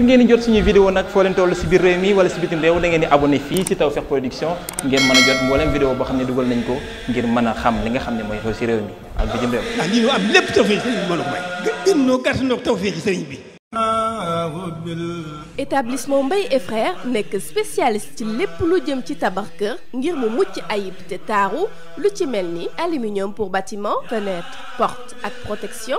ngir ngeen jot suñu vidéo nag foo leen toll si biir réew mi wala si bitim réew da ngeen di abonné fii si Tawfekh Production ngeen mën a jot mboolem vidéo boo xam ne dugal nañ ko ngir mën a xam li nga xam ne mooy xew si réew mi ak bitim réew. ndax ah, lii ñu am lépp Tawfekh sëriñ bi mën a may. gën noo gàtt noo Tawfekh nekk spécialiste ci lépp lu jëm ci tabax kër ngir mu mucc ayib te taaru lu ci mel ni aluminium pour bâtiment fenêtre porte ak protection.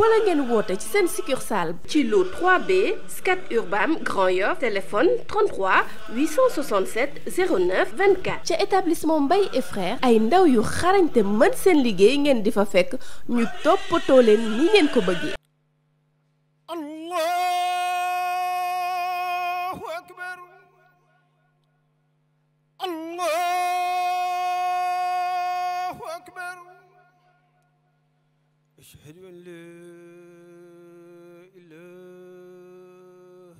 wala ngeen woote ci seen succursale ci lu 3B Scat Urbam Grand Yoff téléphone 33 867 09 24 ca établissement Mbaye et ay ndaw yu xarañ te mën seen liggéey ngeen di fa fekk ñu toppatoo leen ni ngeen ko bëggee Allahu Allahu akbar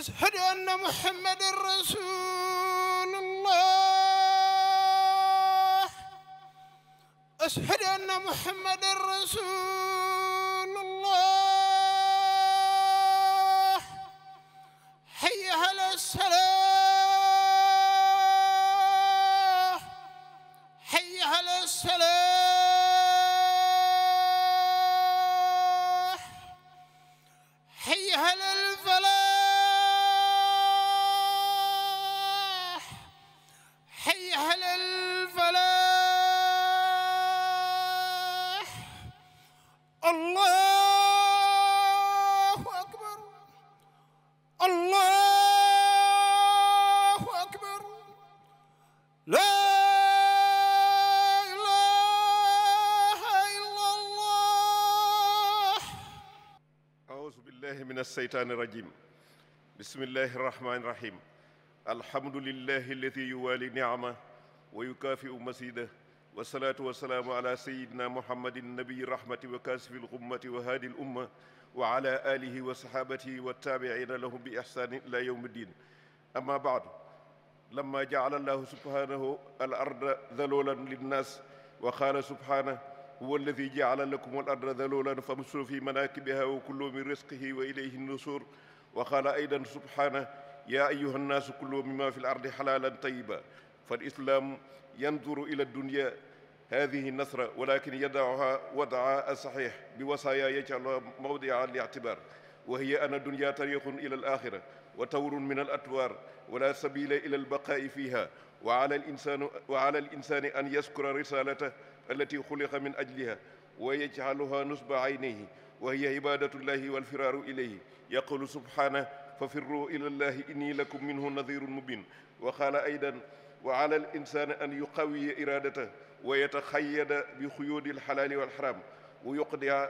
أشهد أن محمد رسول الله أشهد أن محمد رسول الله حي على الصلاة حي على الصلاة billahi min alseytaani irajim bismillahi irrahmani irahim alhamdulillahi alladi yuwaali niama wa yukaafiu masida wasalaatu wasalaamu ala sayidina muhammadin nabiyi rahmati wa kaasifi lxummati wa haadi l umma wa ala alihi wa sahaabatihi wa taabiciina lahum bi ixsaanin ila yowmi ddin amma baadu lamma jacala allahu subhaanahu al arda daloolan linnaas wa qaala subhaanahu huwa alladi jaala lakum al arda dalulan famshu fi manakibiha wa kulu min risqihi wa ilayhi nusur wa qaala aydan subhanahu yaa ayyuha nnaasu kulu mimma fi l ardi xalaalan tayiba fal islaam yanduru ila dunya hadihi nasra walakin yadacuha wadaa asaxiix bi wasaaya yajcaluha mawdia liictibaar wa hiya ana dunya tariqun ila al axira wa tawrun min al atwaar wala sabila ila albaqaa'i fiiha wa ala al insaani an yaskura risaalatahu التي خلق من أجلها ويجعلها نصب عينيه وهي عبادة الله والفرار إليه يقول سبحانه ففروا إلى الله إني لكم منه نذير مبين وقال أيضا وعلى الإنسان أن يقوي إرادته ويتخيد بخيود الحلال والحرام ويقضي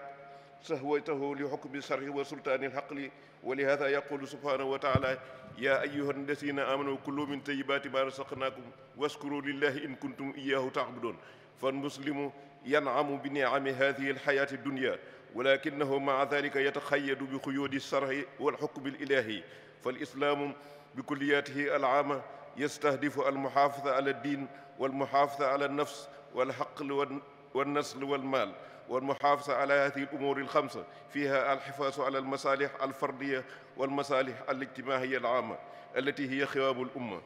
سهوته لحكم الشرع وسلطان الحقل ولهذا يقول سبحانه وتعالى يا أيها الذين آمنوا كلوا من طيبات ما رزقناكم واشكروا لله إن كنتم إياه تعبدون فالمسلم ينعم بنعم هذه الحياة الدنيا ولكنه مع ذلك يتخيد بقيود الشرع والحكم الإلهي فالإسلام بكلياته العامة يستهدف المحافظة على الدين والمحافظة على النفس والحقل والنسل والمال والمحافظة على هذه الأمور الخمسة فيها الحفاظ على المصالح الفردية والمصالح الاجتماعية العامة التي هي خواب الأمة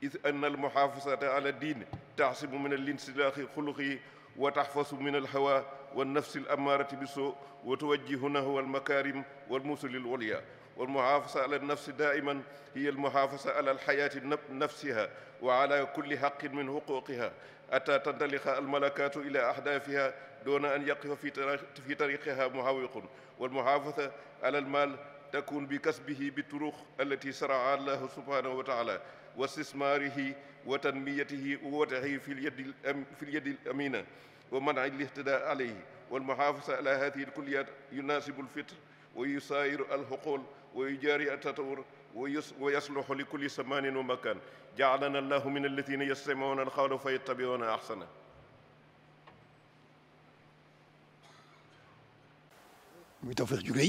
is ann almuhaafasata ala diin taxsimu min al insilaaxi xuluqi wa taxfasu min alhawa wa nafsi al amaarati bi soo wa tuwajjihunahu wal makaarim wal musulil walya wal muhaafasa ala nafsi daa'iman hiya al muhaafasa ala al xayaati nafsiha wa ala kulli xaqin min xuquuqiha ataa tantaliqa al malakaatu ila ahdaafiha doona an yaqifa fi tariqiha muhaawiqun wal muhaafasa ala al maal تكون بكسبه بالطرق التي شرعها الله سبحانه وتعالى واستثماره وتنميته ووضعه في اليد الأم في اليد الأمينة ومنع الاهتداء عليه والمحافظة على هذه الكليات يناسب الفطر ويسائر الحقول ويجاري التطور ويصلح لكل زمان ومكان جعلنا الله من الذين يستمعون القول فيتبعون أحسنه muy Tawfekh ju rëy